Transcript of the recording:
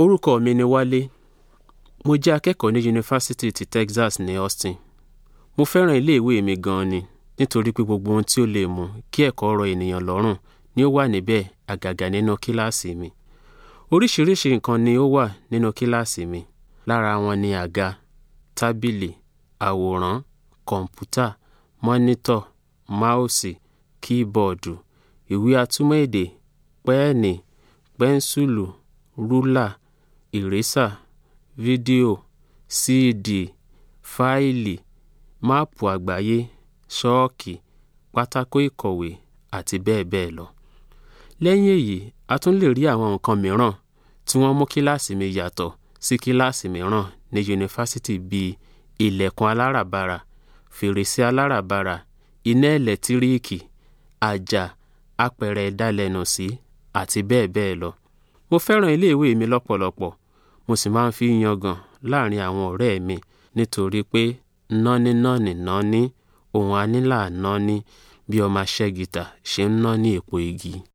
Orúkọ mi ni Wálé. Mo jẹ́ akẹ́kọ̀ọ́ ní Yunifásítì ti Texas ní Austin. Mo fẹ́ràn ilé ìwé mi gan ni nítorí pé gbogbo ohun tí ó lè mú kí ẹ̀kọ́ rọ ènìyàn lọ́rùn ni ó wà níbẹ̀ àgàgà nínú kíláàsì mi. Oríṣiríṣi nǹkan ni ó wà nínú kíláàsì mi. Lára wọn ni àga, tábìlì, àwòrán, kọ̀ǹpútà, mọ́nítọ̀, máùsì, kíbọ̀ọ̀dù, ìwé atúmọ̀ èdè, pẹ́ẹ̀nì, pẹ́ńsùlù, rúlà, ìrésà fídíò síìdì fáìlì máàpù àgbáyé ṣọ́ọ̀kì pátákó ìkọ̀wé àti bẹ́ẹ̀ bẹ́ẹ̀ lọ. lẹ́yìn èyí a tún lè rí àwọn nǹkan mìíràn tí wọ́n mú kíláàsì mi yàtọ̀ sí kíláàsì mìíràn ní yunifásitì bíi ilẹ̀kùn aláràbarà fèrèsé aláràbarà iná ẹ̀lẹ́tíríìkì àjà apẹ̀rẹ̀ ìdalẹ́nusí àti bẹ́ẹ̀ bẹ́ẹ̀ lọ mo fẹ́ràn iléèwé mi lọ́pọ̀lọpọ̀ mo sì máa ń fi yangàn láàrin àwọn ọ̀rẹ́ mi nítorí pé nọ́ní nọ́ní nọ́ní òun anílànọ́ní bí ọmọ aṣẹ́gìtà ṣe ń nọ́ní èpo igi